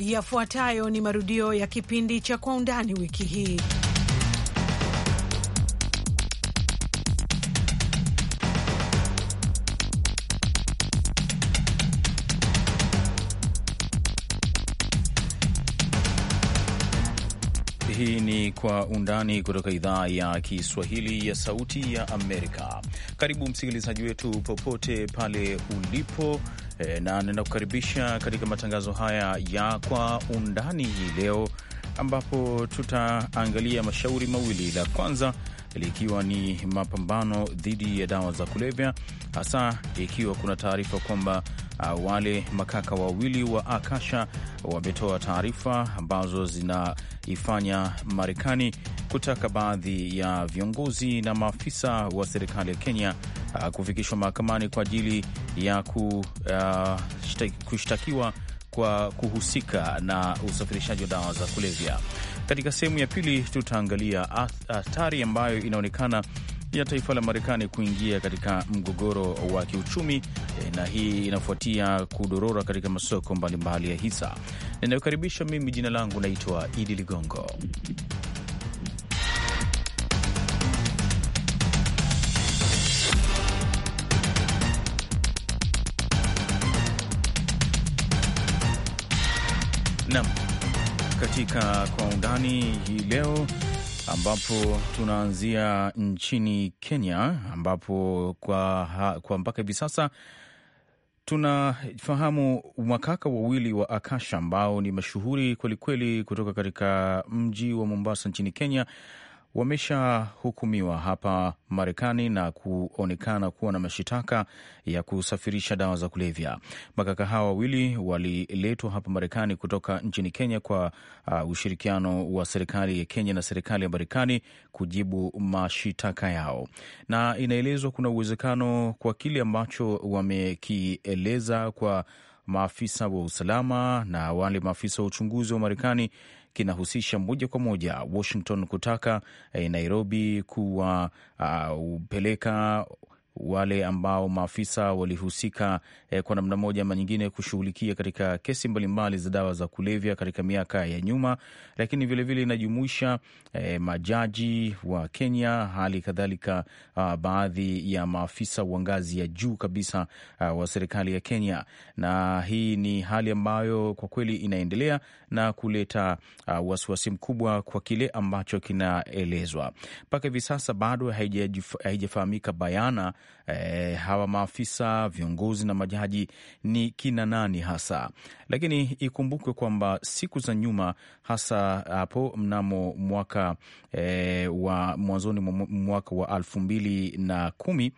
Yafuatayo ni marudio ya kipindi cha Kwa Undani wiki hii. Hii ni Kwa Undani kutoka idhaa ya Kiswahili ya Sauti ya Amerika. Karibu msikilizaji wetu popote pale ulipo e, na ninakukaribisha katika matangazo haya ya kwa undani hii leo, ambapo tutaangalia mashauri mawili, la kwanza likiwa ni mapambano dhidi ya dawa za kulevya, hasa ikiwa kuna taarifa kwamba uh, wale makaka wawili wa Akasha wametoa taarifa ambazo zina ifanya Marekani kutaka baadhi ya viongozi na maafisa wa serikali ya Kenya uh, kufikishwa mahakamani kwa ajili ya uh, kushtakiwa uh, kwa kuhusika na usafirishaji wa dawa za kulevya. Katika sehemu ya pili tutaangalia hatari ambayo inaonekana ya taifa la Marekani kuingia katika mgogoro wa kiuchumi, eh, na hii inafuatia kudorora katika masoko mbalimbali ya hisa. Ninayokaribisha mimi, jina langu naitwa Idi Ligongo. Naam, katika kwa undani hii leo ambapo tunaanzia nchini Kenya ambapo kwa, ha, kwa mpaka hivi sasa tunafahamu makaka wawili wa Akasha ambao ni mashuhuri kwelikweli kutoka katika mji wa Mombasa nchini Kenya wameshahukumiwa hapa Marekani na kuonekana kuwa na mashitaka ya kusafirisha dawa za kulevya. Makaka hawa wawili waliletwa hapa Marekani kutoka nchini Kenya kwa uh, ushirikiano wa serikali ya Kenya na serikali ya Marekani kujibu mashitaka yao, na inaelezwa kuna uwezekano kwa kile ambacho wamekieleza kwa maafisa wa usalama na wale maafisa wa uchunguzi wa Marekani kinahusisha moja kwa moja Washington kutaka eh, Nairobi kuwapeleka ah, uh, wale ambao maafisa walihusika eh, kwa namna moja ama nyingine kushughulikia katika kesi mbalimbali za dawa za kulevya katika miaka ya nyuma, lakini vilevile inajumuisha eh, majaji wa Kenya, hali kadhalika ah, baadhi ya maafisa wa ngazi ya juu kabisa ah, wa serikali ya Kenya, na hii ni hali ambayo kwa kweli inaendelea na kuleta ah, wasiwasi mkubwa kwa kile ambacho kinaelezwa mpaka hivi sasa. Bado haijafahamika bayana e, hawa maafisa viongozi na majaji ni kina nani hasa. Lakini ikumbukwe kwamba siku za nyuma, hasa hapo mnamo mwaka e, wa mwanzoni mwa mwaka wa elfu mbili na kumi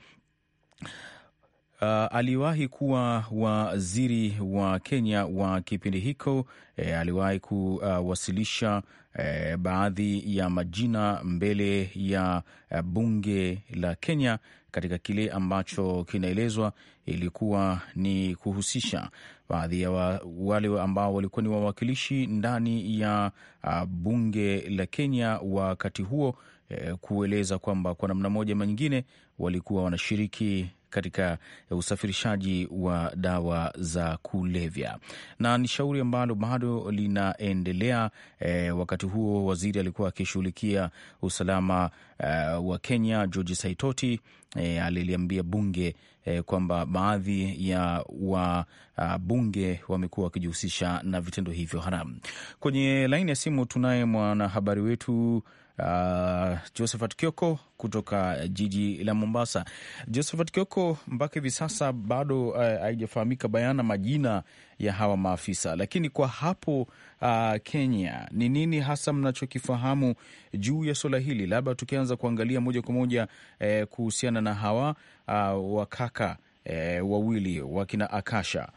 Uh, aliwahi kuwa waziri wa Kenya wa kipindi hicho. E, aliwahi kuwasilisha e, baadhi ya majina mbele ya e, bunge la Kenya katika kile ambacho kinaelezwa ilikuwa ni kuhusisha baadhi ya wa, wale ambao walikuwa ni wawakilishi ndani ya uh, bunge la Kenya wakati huo eh, kueleza kwamba kwa namna moja ama nyingine walikuwa wanashiriki katika eh, usafirishaji wa dawa za kulevya, na ni shauri ambalo bado linaendelea. E, wakati huo waziri alikuwa akishughulikia usalama uh, wa Kenya George Saitoti e, aliliambia bunge e, kwamba baadhi ya wabunge ah, uh, wamekuwa wakijihusisha na vitendo hivyo haramu. Kwenye laini ya simu tunaye mwanahabari wetu uh, Josephat Kioko kutoka uh, jiji la Mombasa. Josephat Kioko, mpaka hivi sasa bado uh, haijafahamika uh, bayana majina ya hawa maafisa, lakini kwa hapo uh, Kenya, ni nini hasa mnachokifahamu juu ya suala hili? Labda tukianza kuangalia moja kwa moja uh, kuhusiana na hawa uh, wakaka uh, wawili wakina Akasha,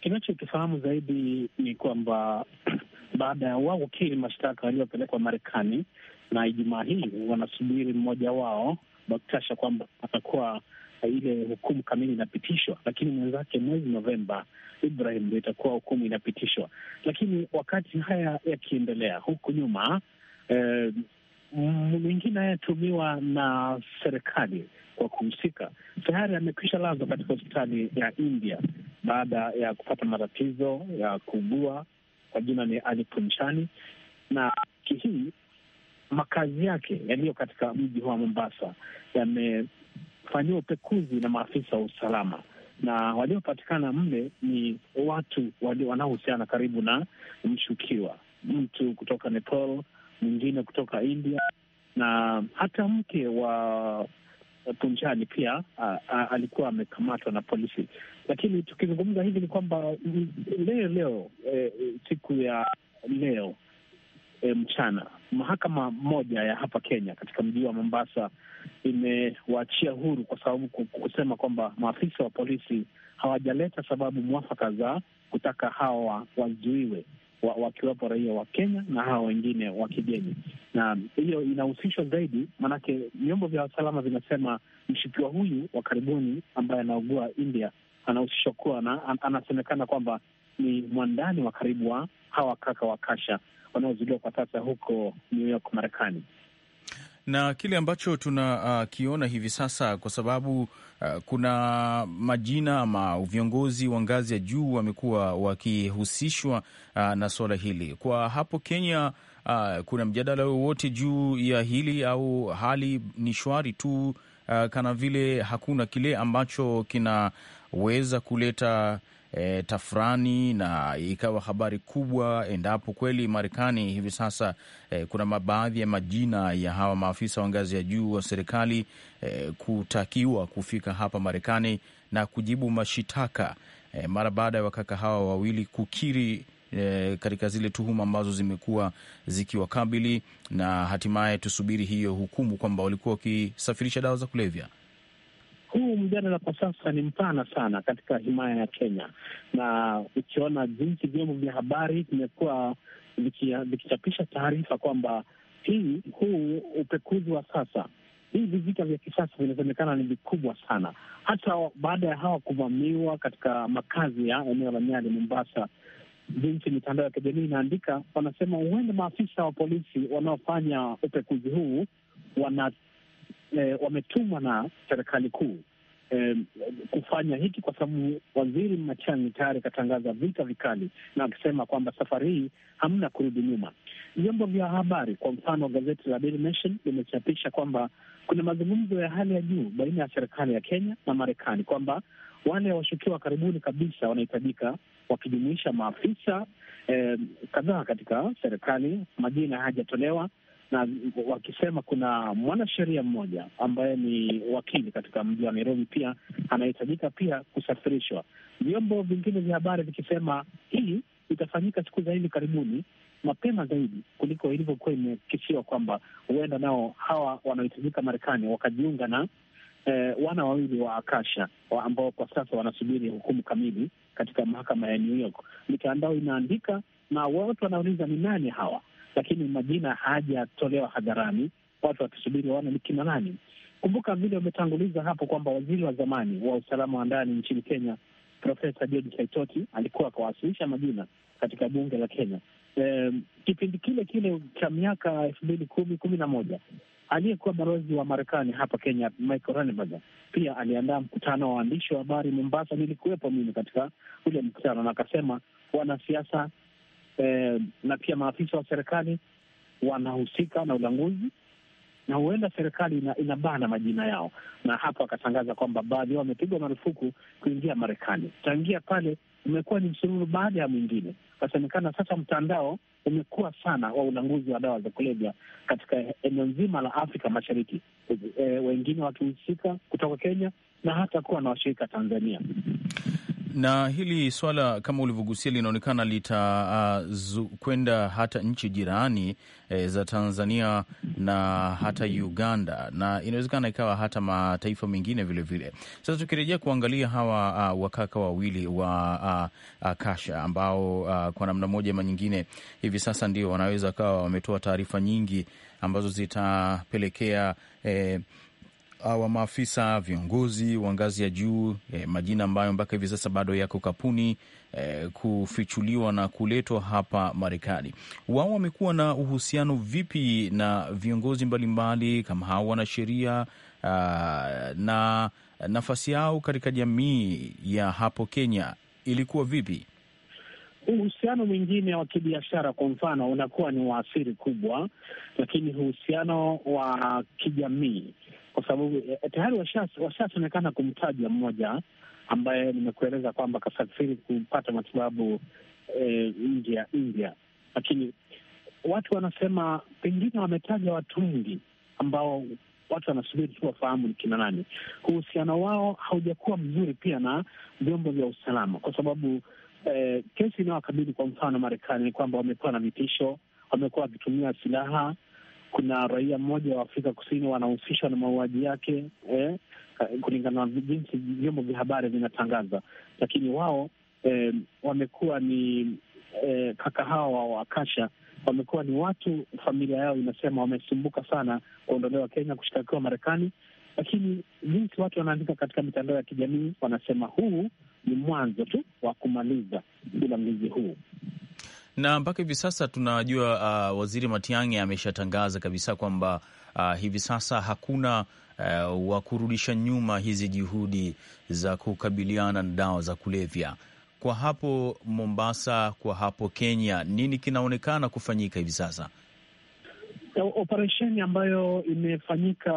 kinachokifahamu zaidi ni kwamba baada ya wao kili mashtaka waliopelekwa Marekani na Ijumaa hii wanasubiri mmoja wao Baktasha kwamba atakuwa eh, ile hukumu kamili inapitishwa, lakini mwenzake mwezi Novemba Ibrahim ndo itakuwa hukumu inapitishwa. Lakini wakati haya yakiendelea huku nyuma, eh, mwingine anayetumiwa na serikali kwa kuhusika tayari amekwisha lazwa katika hospitali ya India baada ya kupata matatizo ya kuugua, kwa jina ni Ali Punchani, na wiki hii makazi yake yaliyo katika mji wa Mombasa yamefanyiwa upekuzi na maafisa wa usalama na waliopatikana mle ni watu wanaohusiana karibu na mshukiwa, mtu kutoka Nepal, mwingine kutoka India na hata mke wa Punjani pia a, a, alikuwa amekamatwa na polisi. Lakini tukizungumza hivi ni kwamba leo leo e, siku ya leo e, mchana mahakama moja ya hapa Kenya katika mji wa Mombasa imewaachia huru kwa sababu kusema kwamba maafisa wa polisi hawajaleta sababu mwafaka za kutaka hawa wazuiwe wakiwepo wa raia wa Kenya na hawa wengine wa kigeni, na hiyo inahusishwa zaidi, maanake vyombo vya usalama vinasema mshukiwa huyu wa karibuni ambaye anaugua India anahusishwa kuwa na, an, anasemekana kwamba ni mwandani wa karibu wa hawa kaka wa Kasha wanaozuliwa kwa sasa huko New York, Marekani na kile ambacho tunakiona uh, hivi sasa kwa sababu uh, kuna majina ama viongozi wa ngazi ya juu wamekuwa wakihusishwa uh, na suala hili. Kwa hapo Kenya, uh, kuna mjadala wowote juu ya hili au hali ni shwari tu uh, kana vile hakuna kile ambacho kinaweza kuleta e, tafurani na ikawa habari kubwa, endapo kweli Marekani hivi sasa e, kuna baadhi ya majina ya hawa maafisa wa ngazi ya juu wa serikali e, kutakiwa kufika hapa Marekani na kujibu mashitaka e, mara baada ya wakaka hawa wawili kukiri E, katika zile tuhuma ambazo zimekuwa zikiwakabili na hatimaye tusubiri hiyo hukumu kwamba walikuwa wakisafirisha dawa za kulevya huu mjadala kwa sasa ni mpana sana katika himaya ya Kenya, na ukiona jinsi vyombo vya habari vimekuwa vikichapisha taarifa kwamba hii huu upekuzi wa sasa hivi vita vya kisasa vinasemekana ni vikubwa sana. Hata baada ya hawa kuvamiwa katika makazi ya eneo la Nyali, Mombasa, jinsi mitandao ya kijamii inaandika, wanasema huenda maafisa wa polisi wanaofanya upekuzi huu wana e, wametumwa na serikali kuu e, kufanya hiki kwa sababu waziri machani tayari katangaza vita vikali na akisema kwamba safari hii hamna kurudi nyuma. Vyombo vya habari kwa mfano gazeti la Daily Nation limechapisha kwamba kuna mazungumzo ya hali ya juu baina ya serikali ya Kenya na Marekani kwamba wale washukiwa karibuni kabisa wanahitajika wakijumuisha maafisa eh, kadhaa katika serikali, majina hayajatolewa na wakisema kuna mwanasheria mmoja ambaye ni wakili katika mji wa Nairobi, pia anahitajika pia kusafirishwa, vyombo vingine vya habari vikisema hii itafanyika siku za hivi karibuni mapema zaidi kuliko ilivyokuwa imekisiwa kwamba huenda nao hawa wanaohitajika Marekani wakajiunga na eh, wana wawili wa Akasha wa ambao kwa sasa wanasubiri hukumu kamili katika mahakama ya New York. Mitandao inaandika na watu wanauliza ni nani hawa lakini majina hajatolewa hadharani, watu wakisubiri waone ni kina nani. Kumbuka vile umetanguliza hapo kwamba waziri wa zamani wa usalama wa ndani nchini Kenya Profesa George Saitoti alikuwa akawasilisha majina katika bunge la Kenya e, kipindi kile kile cha miaka elfu mbili kumi kumi na moja aliyekuwa balozi wa Marekani hapa Kenya Michael pia aliandaa mkutano wa waandishi wa habari Mombasa. Nilikuwepo mimi katika ule mkutano, na akasema wanasiasa Eh, na pia maafisa wa serikali wanahusika na ulanguzi, na huenda serikali ina, inabana majina yao, na hapo akatangaza kwamba baadhi yao wamepigwa marufuku kuingia Marekani. Tangia pale umekuwa ni msururu baada ya mwingine. Kasemekana sasa mtandao umekuwa sana wa ulanguzi wa dawa za kulevya katika eneo nzima la Afrika Mashariki, e, wengine wakihusika kutoka Kenya na hata kuwa na washirika Tanzania na hili swala kama ulivyogusia linaonekana litakwenda uh, hata nchi jirani e, za Tanzania na hata Uganda na inawezekana ikawa hata mataifa mengine vilevile. Sasa tukirejea kuangalia hawa uh, wakaka wawili wa uh, uh, Kasha ambao uh, kwa namna moja ama nyingine hivi sasa ndio wanaweza kawa wametoa taarifa nyingi ambazo zitapelekea eh, Uh, wa maafisa viongozi wa ngazi ya juu eh, majina ambayo mpaka hivi sasa bado yako kapuni eh, kufichuliwa na kuletwa hapa Marekani. Wao wamekuwa na uhusiano vipi na viongozi mbalimbali kama hao wanasheria uh, na nafasi yao katika jamii ya hapo Kenya ilikuwa vipi? Uhusiano mwingine wa kibiashara kwa mfano unakuwa ni waasiri kubwa, lakini uhusiano wa kijamii kwa sababu eh, tayari washa kumtaja mmoja ambaye nimekueleza kwamba kasafiri kupata matibabu eh, nje ya India, lakini watu wanasema pengine wametaja watu wengi ambao watu wanasubiri tu wafahamu ni kina nani. Uhusiano wao haujakuwa mzuri pia na vyombo vya usalama, kwa sababu eh, kesi inayowakabili kwa mfano Marekani ni kwamba wamekuwa na vitisho, wamekuwa wakitumia silaha kuna raia mmoja wa Afrika Kusini wanahusishwa na mauaji yake eh, kulingana na jinsi vyombo vya habari vinatangaza, lakini wao eh, wamekuwa ni eh, kaka hawa wa Akasha wamekuwa ni watu, familia yao inasema wamesumbuka sana kuondolewa Kenya, kushtakiwa Marekani, lakini jinsi watu wanaandika katika mitandao ya kijamii wanasema huu ni mwanzo tu wa kumaliza ula mlizi huu na mpaka hivi sasa tunajua uh, waziri Matiang'i ameshatangaza kabisa kwamba uh, hivi sasa hakuna uh, wa kurudisha nyuma hizi juhudi za kukabiliana na dawa za kulevya. Kwa hapo Mombasa, kwa hapo Kenya, nini kinaonekana kufanyika hivi sasa? Operesheni ambayo imefanyika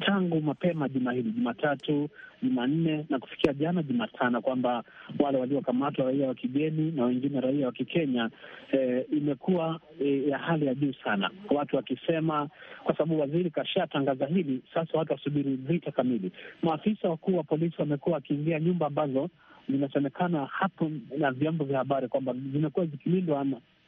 tangu mapema juma hili, Jumatatu, Jumanne na kufikia jana Jumatano, kwamba wale waliokamatwa raia wa kigeni na wengine raia wa Kikenya eh, imekuwa eh, ya hali ya juu sana, watu wakisema, kwa sababu waziri kashatangaza hili sasa, watu wasubiri vita kamili. Maafisa wakuu wa polisi wamekuwa wakiingia nyumba ambazo zinasemekana hapo na vyombo vya habari kwamba zimekuwa zikilindwa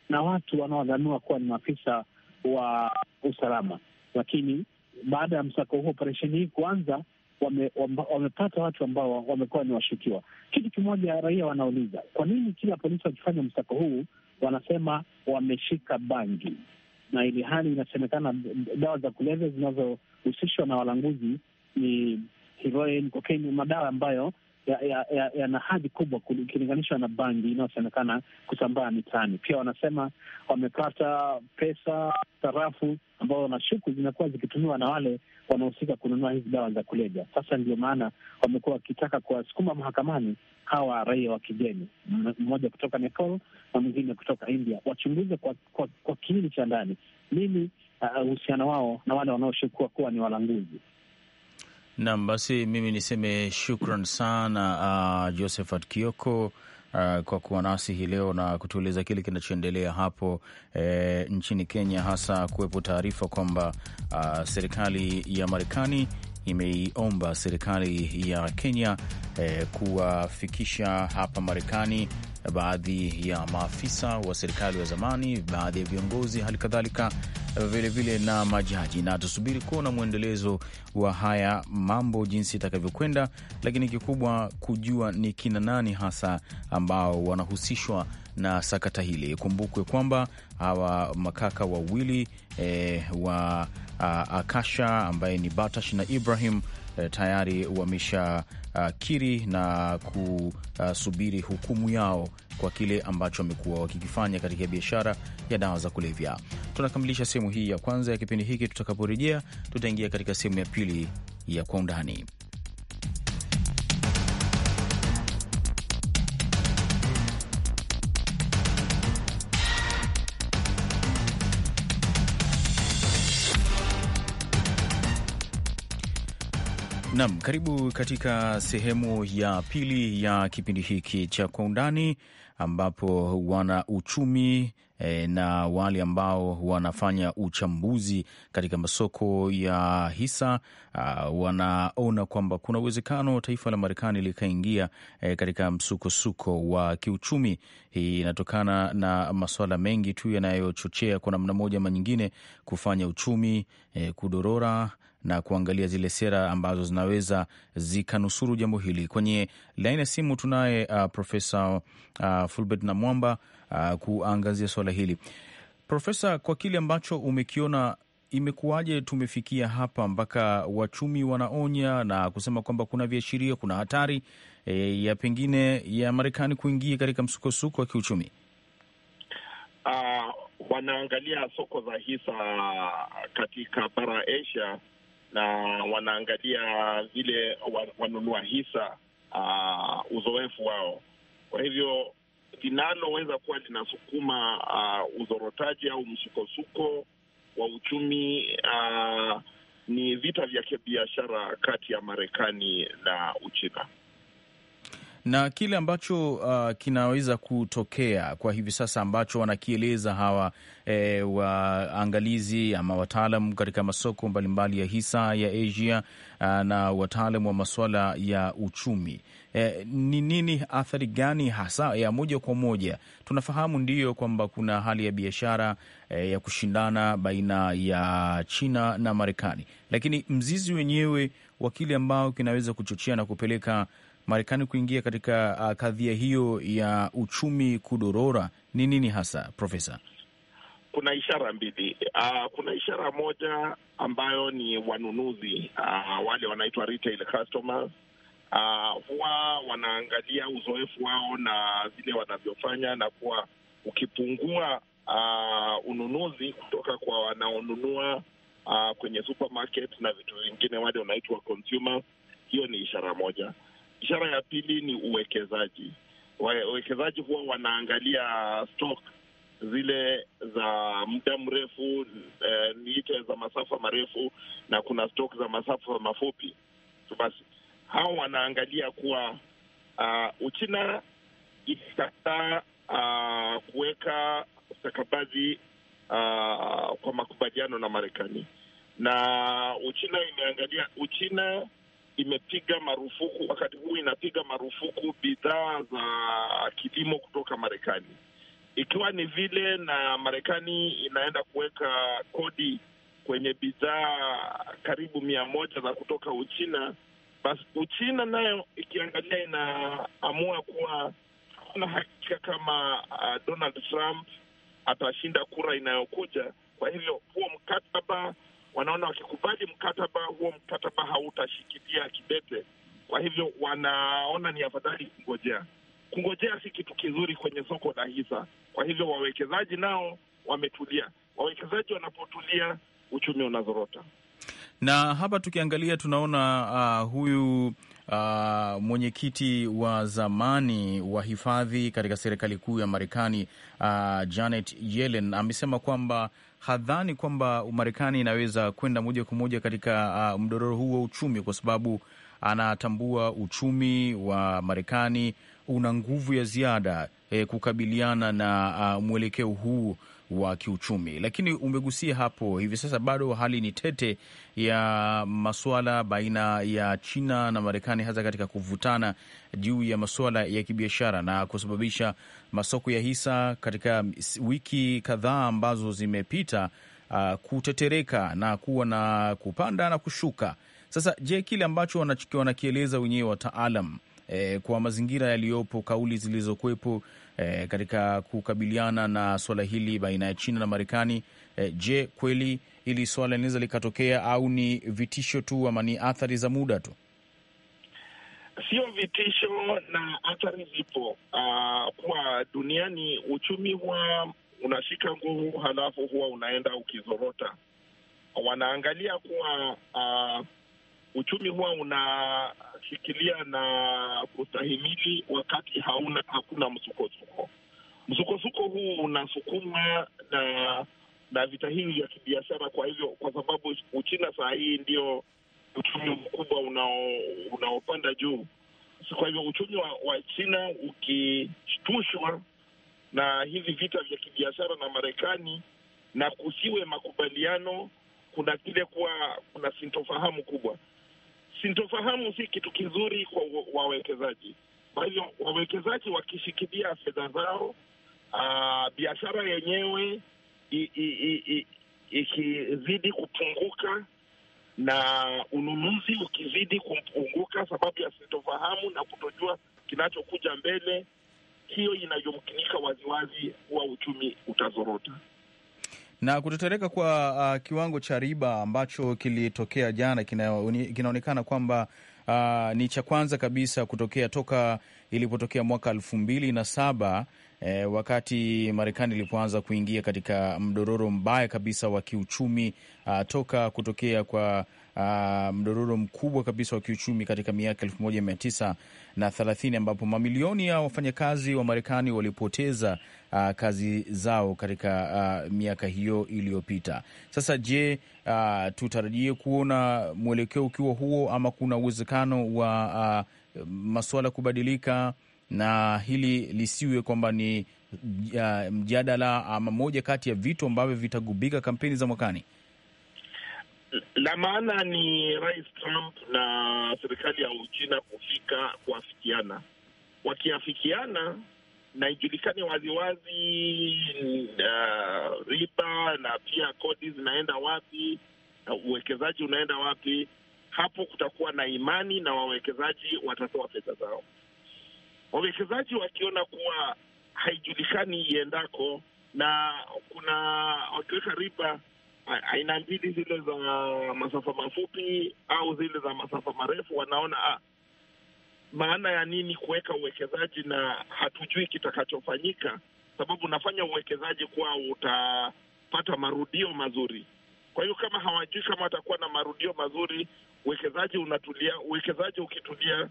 na watu wanaodhaniwa kuwa ni maafisa wa usalama, lakini baada ya msako huu, operesheni hii kuanza, wame, wame, wamepata watu ambao wamekuwa ni washukiwa. Kitu kimoja raia wanauliza, kwa nini kila polisi wakifanya msako huu wanasema wameshika bangi, na ili hali inasemekana dawa za kulevya zinazohusishwa na walanguzi ni heroin, cocaine, madawa ambayo yana ya, ya, hadhi kubwa ikilinganishwa na bangi inayosemekana kusambaa mitaani. Pia wanasema wamepata pesa sarafu ambao wanashuku zinakuwa zikitumiwa na wale wanahusika kununua hizi dawa za kulevya. Sasa ndio maana wamekuwa wakitaka kuwasukuma mahakamani hawa raia wa kigeni, mmoja kutoka Nepal na mwingine kutoka India, wachunguze kwa, kwa, kwa kiini cha ndani nini uh, uhusiano wao na wale wanaoshukua kuwa ni walanguzi. Naam, basi mimi niseme shukran sana uh, Josephat Kioko uh, kwa kuwa nasi hii leo na kutueleza kile kinachoendelea hapo eh, nchini Kenya, hasa kuwepo taarifa kwamba uh, serikali ya Marekani imeiomba serikali ya Kenya eh, kuwafikisha hapa Marekani baadhi ya maafisa wa serikali wa zamani, baadhi ya viongozi, hali kadhalika vilevile na majaji, na tusubiri kuona mwendelezo wa haya mambo jinsi itakavyokwenda, lakini kikubwa kujua ni kina nani hasa ambao wanahusishwa na sakata hili. Kumbukwe kwamba hawa makaka wawili e, wa a, Akasha ambaye ni Batash na Ibrahim e, tayari wamesha kiri na kusubiri hukumu yao kwa kile ambacho wamekuwa wakikifanya katika biashara ya dawa za kulevya. Tunakamilisha sehemu hii ya kwanza ya kipindi hiki. Tutakaporejea, tutaingia katika sehemu ya pili ya Kwa Undani. Nam, karibu katika sehemu ya pili ya kipindi hiki cha Kwa Undani, ambapo wana uchumi e, na wale ambao wanafanya uchambuzi katika masoko ya hisa a, ah, wanaona kwamba kuna uwezekano taifa la Marekani likaingia e, katika msukosuko wa kiuchumi. Hii inatokana na masuala mengi tu yanayochochea kwa namna moja ama nyingine kufanya uchumi e, kudorora na kuangalia zile sera ambazo zinaweza zikanusuru jambo hili. Kwenye laini ya simu tunaye uh, Profesa uh, Fulbert Namwamba uh, kuangazia swala hili. Profesa, kwa kile ambacho umekiona imekuwaje tumefikia hapa mpaka wachumi wanaonya na kusema kwamba kuna viashiria, kuna hatari e, ya pengine ya Marekani kuingia katika msukosuko wa kiuchumi? Uh, wanaangalia soko za hisa katika bara Asia na wanaangalia vile wanunua hisa uh, uzoefu wao. Kwa hivyo linaloweza kuwa linasukuma uh, uzorotaji au msukosuko wa uchumi uh, ni vita vya kibiashara kati ya Marekani na Uchina na kile ambacho uh, kinaweza kutokea kwa hivi sasa ambacho wanakieleza hawa e, waangalizi ama wataalam katika masoko mbalimbali ya hisa ya Asia uh, na wataalam wa masuala ya uchumi eh, ni nini, athari gani hasa ya moja kwa moja? Tunafahamu ndiyo kwamba kuna hali ya biashara e, ya kushindana baina ya China na Marekani, lakini mzizi wenyewe wa kile ambao kinaweza kuchochea na kupeleka Marekani kuingia katika uh, kadhia hiyo ya uchumi kudorora ni nini hasa Profesa? Kuna ishara mbili. Uh, kuna ishara moja ambayo ni wanunuzi uh, wale wanaitwa retail customers uh, huwa wanaangalia uzoefu wao na vile wanavyofanya, na kuwa ukipungua uh, ununuzi kutoka kwa wanaonunua uh, kwenye supermarket na vitu vingine, wale wanaitwa hiyo ni ishara moja Ishara ya pili ni uwekezaji. Wawekezaji huwa wanaangalia stock zile za muda mrefu, eh, niite za masafa marefu, na kuna stock za masafa mafupi. Basi hawa wanaangalia kuwa uh, Uchina ikikataa uh, ah, kuweka stakabadhi uh, kwa makubaliano na Marekani na Uchina imeangalia Uchina imepiga marufuku, wakati huu inapiga marufuku bidhaa za kilimo kutoka Marekani, ikiwa ni vile na Marekani inaenda kuweka kodi kwenye bidhaa karibu mia moja za kutoka Uchina. Basi Uchina nayo ikiangalia, inaamua kuwa na hakika kama uh, Donald Trump atashinda kura inayokuja. Kwa hivyo huo mkataba wanaona wakikubali mkataba huo, mkataba hautashikilia kidete. Kwa hivyo wanaona ni afadhali kungojea. Kungojea si kitu kizuri kwenye soko la hisa. Kwa hivyo wawekezaji nao wametulia. Wawekezaji wanapotulia, uchumi unazorota. Na hapa tukiangalia tunaona uh, huyu Uh, mwenyekiti wa zamani wa hifadhi katika serikali kuu ya Marekani, uh, Janet Yellen amesema kwamba hadhani kwamba Marekani inaweza kwenda moja kwa moja katika uh, mdororo huu wa uchumi, kwa sababu anatambua uchumi wa Marekani una nguvu ya ziada eh, kukabiliana na uh, mwelekeo huu wa kiuchumi. Lakini umegusia hapo, hivi sasa bado hali ni tete ya masuala baina ya China na Marekani, hasa katika kuvutana juu ya masuala ya kibiashara na kusababisha masoko ya hisa katika wiki kadhaa ambazo zimepita uh, kutetereka na kuwa na kupanda na kushuka. Sasa je, kile ambacho wanakieleza wenyewe wataalam eh, kwa mazingira yaliyopo, kauli zilizokuwepo e, katika kukabiliana na swala hili baina ya China na Marekani. E, je, kweli hili swala linaweza likatokea au ni vitisho tu ama ni athari za muda tu? Sio vitisho na athari zipo. Uh, ah, kuwa duniani uchumi huwa unashika nguvu, halafu huwa unaenda ukizorota. Wanaangalia kuwa uh, uchumi huwa unashikilia na kustahimili wakati hauna hakuna msukosuko. Msukosuko huu unasukuma na na vita hivi vya kibiashara. Kwa hivyo, kwa sababu Uchina saa hii ndio uchumi mkubwa unaopanda juu, kwa hivyo uchumi wa, wa China ukishtushwa na hivi vita vya kibiashara na Marekani na kusiwe makubaliano, kuna kile kuwa kuna sintofahamu kubwa. Sintofahamu si kitu kizuri kwa wawekezaji. Kwa hivyo wawekezaji wakishikilia fedha zao, ah, biashara yenyewe ikizidi kupunguka na ununuzi ukizidi kupunguka sababu ya sintofahamu na kutojua kinachokuja mbele, hiyo inayomkinika waziwazi kuwa uchumi utazorota na kutetereka kwa uh, kiwango cha riba ambacho kilitokea jana kinaonekana kwamba uh, ni cha kwanza kabisa kutokea toka ilipotokea mwaka elfu mbili na saba e, wakati Marekani ilipoanza kuingia katika mdororo mbaya kabisa wa kiuchumi a, ah, toka kutokea kwa a, ah, mdororo mkubwa kabisa wa kiuchumi katika miaka elfu moja mia tisa na thelathini ambapo mamilioni ya wafanyakazi wa Marekani walipoteza a, ah, kazi zao katika a, miaka hiyo iliyopita. Sasa je, tutarajie kuona mwelekeo ukiwa huo ama kuna uwezekano wa a, masuala kubadilika na hili lisiwe kwamba ni uh, mjadala ama moja kati ya vitu ambavyo vitagubika kampeni za mwakani. La maana ni Rais Trump na serikali ya Uchina kufika kuafikiana. Wakiafikiana na ijulikane waziwazi uh, riba na pia kodi zinaenda wapi, uwekezaji unaenda wapi hapo kutakuwa na imani na wawekezaji watatoa pesa zao. Wawekezaji wakiona kuwa haijulikani iendako na kuna wakiweka riba aina mbili, zile za masafa mafupi au zile za masafa marefu, wanaona ah, maana ya nini kuweka uwekezaji na hatujui kitakachofanyika, sababu unafanya uwekezaji kuwa utapata marudio mazuri. Kwa hiyo kama hawajui kama watakuwa na marudio mazuri, uwekezaji unatulia, uwekezaji ukitulia,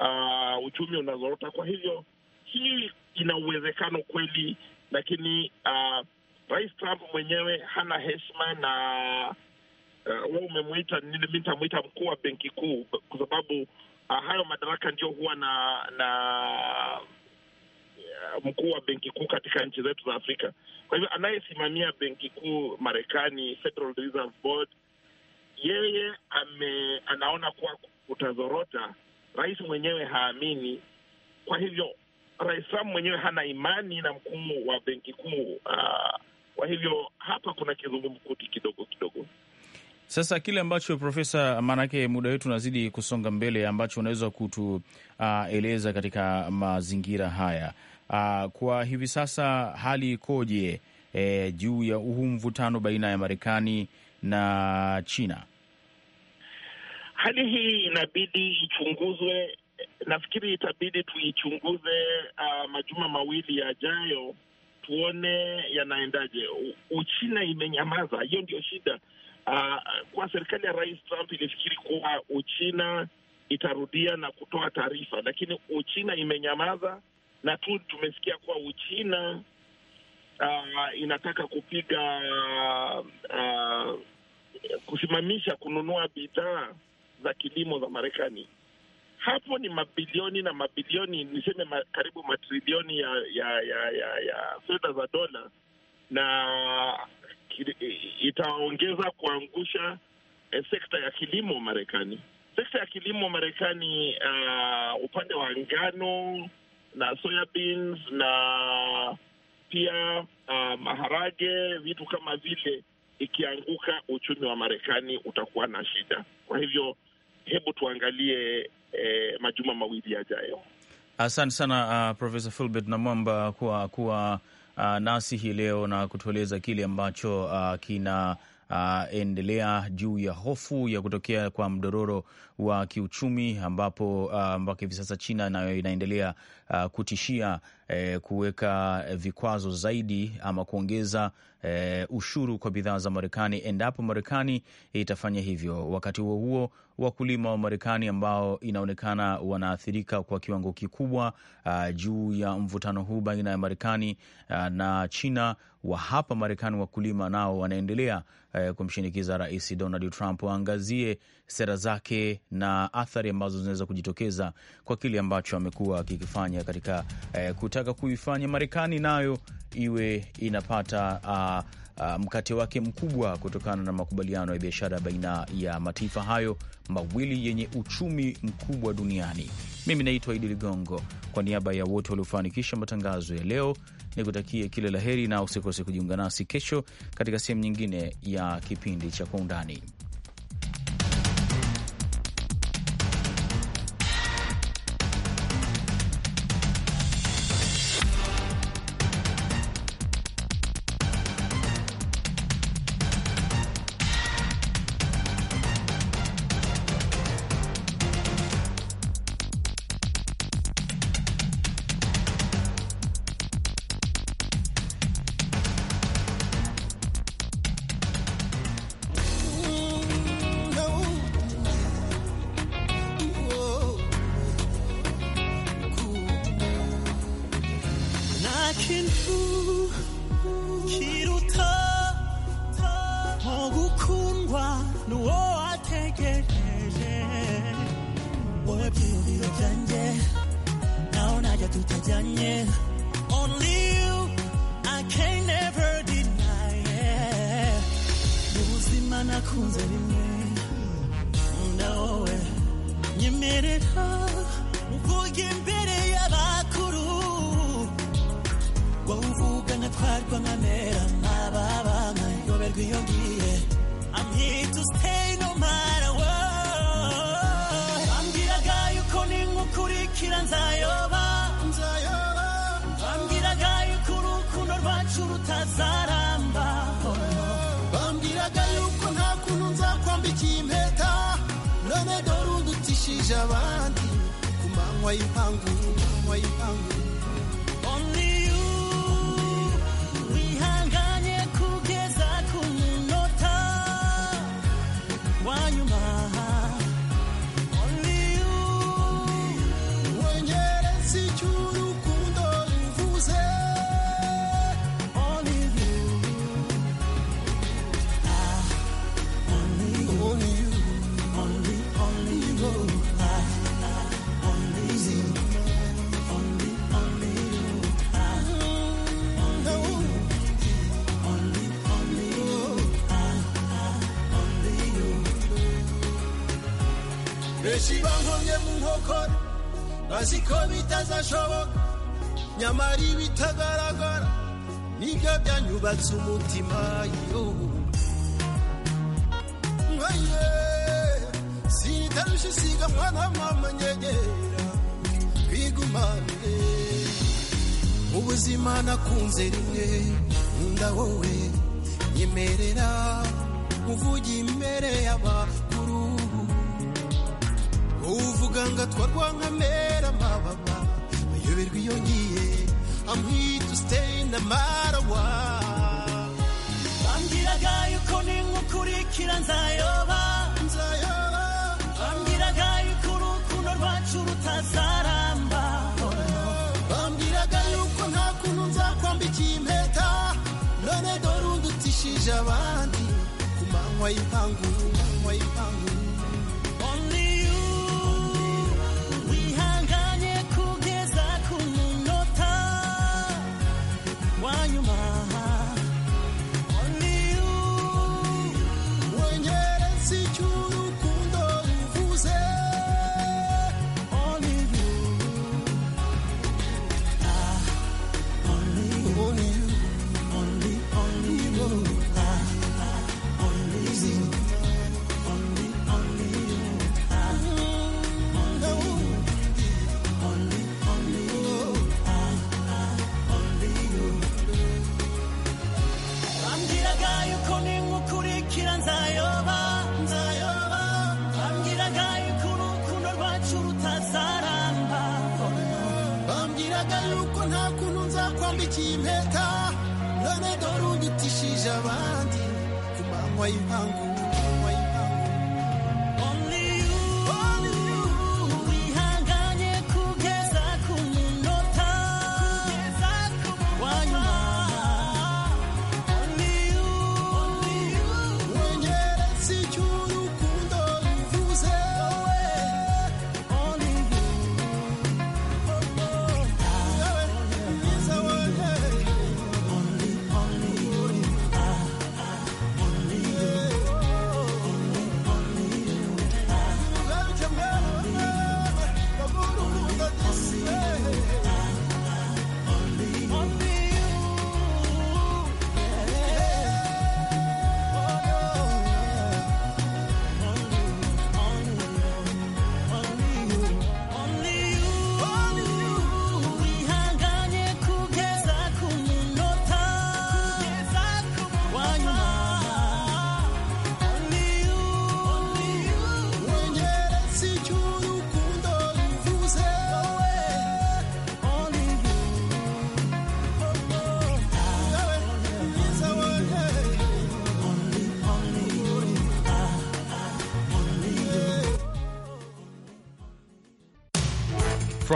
uh, uchumi unazorota. Kwa hivyo hii ina uwezekano kweli, lakini uh, Rais Trump mwenyewe hana heshima na uh, we umemwita, nitamwita mkuu wa benki kuu kwa sababu uh, hayo madaraka ndio huwa na na uh, mkuu wa benki kuu katika nchi zetu za Afrika. Kwa hivyo anayesimamia benki kuu Marekani, Federal Reserve Board yeye ame, anaona kuwa utazorota. Rais mwenyewe haamini, kwa hivyo Rais Trump mwenyewe hana imani na mkuu wa benki kuu. Ah, kwa hivyo hapa kuna kizungumkuti kidogo kidogo. Sasa kile ambacho Profesa, maanake muda wetu unazidi kusonga mbele, ambacho unaweza kutueleza ah, uh, katika mazingira haya uh, kwa hivi sasa hali ikoje eh, juu ya huu mvutano baina ya Marekani na China? hali hii inabidi ichunguzwe. Nafikiri itabidi tuichunguze uh, majuma mawili yajayo, tuone yanaendaje. Uchina imenyamaza, hiyo ndio shida. Uh, kwa serikali ya Rais Trump ilifikiri kuwa Uchina itarudia na kutoa taarifa, lakini Uchina imenyamaza na tu tumesikia kuwa Uchina uh, inataka kupiga uh, uh kusimamisha kununua bidhaa za kilimo za Marekani. Hapo ni mabilioni na mabilioni, niseme ma, karibu matrilioni ya ya ya ya, ya fedha za dola, na itaongeza kuangusha eh, sekta ya kilimo Marekani. Sekta ya kilimo Marekani uh, upande wa ngano na soya na pia uh, maharage, vitu kama vile, ikianguka uchumi wa Marekani utakuwa na shida. Kwa hivyo hebu tuangalie eh, majuma mawili yajayo. Asante sana uh, Profesa Fulbert Namwamba kwa kuwa uh, nasi hii leo na kutueleza kile ambacho uh, kina uh, endelea juu ya hofu ya kutokea kwa mdororo wa kiuchumi ambapo uh, mpaka hivi sasa China nayo inaendelea uh, kutishia eh, kuweka vikwazo zaidi ama kuongeza eh, ushuru kwa bidhaa za Marekani endapo Marekani itafanya hivyo. Wakati huo huo, wakulima wa Marekani ambao inaonekana wanaathirika kwa kiwango kikubwa uh, juu ya mvutano huu baina ya Marekani uh, na China wa hapa Marekani, wakulima nao wanaendelea eh, kumshinikiza Rais Donald Trump waangazie sera zake na athari ambazo zinaweza kujitokeza kwa kile ambacho amekuwa akikifanya katika eh, kutaka kuifanya Marekani nayo iwe inapata uh, Ah, mkate wake mkubwa kutokana na makubaliano ya biashara baina ya mataifa hayo mawili yenye uchumi mkubwa duniani. Mimi naitwa Idi Ligongo, kwa niaba ya wote waliofanikisha matangazo ya leo ni kutakia kila la heri, na usikose kujiunga nasi kesho katika sehemu nyingine ya kipindi cha Kwa Undani. nakunze rimwe nkunda wowe nyemerera uvuge imbere y'abakuru wowe uvuga natwarwa nkamera nk'ababana yoberwa iyo ngiye I'm here no matter what bambwiraga yuko ninkukurikira nzayo i kumangwa ipangu kumangwa ipangu bagushyize mu nkokora bazi ko bitazashoboka nyamara ibitagaragara nibyo byanyubatse umutima y'igihugu mwaye sinitarusha mwana mama nyegera twigumanire ubuzima nakunze rimwe nkunda wowe nyemerera muvuge imbere y'abantu muganga twarwa nk'amera amababa ayoberwa iyo ngiye amwita usiteye na marawa bambwiraga yuko ninkukurikira nzayoba nzayoba bambwiraga yuko urukundo rwacu rutazaramba bambwiraga yuko nta kuntu nzakwambikiye impeta none dore undutishije abandi ku manywa y'ipangu ku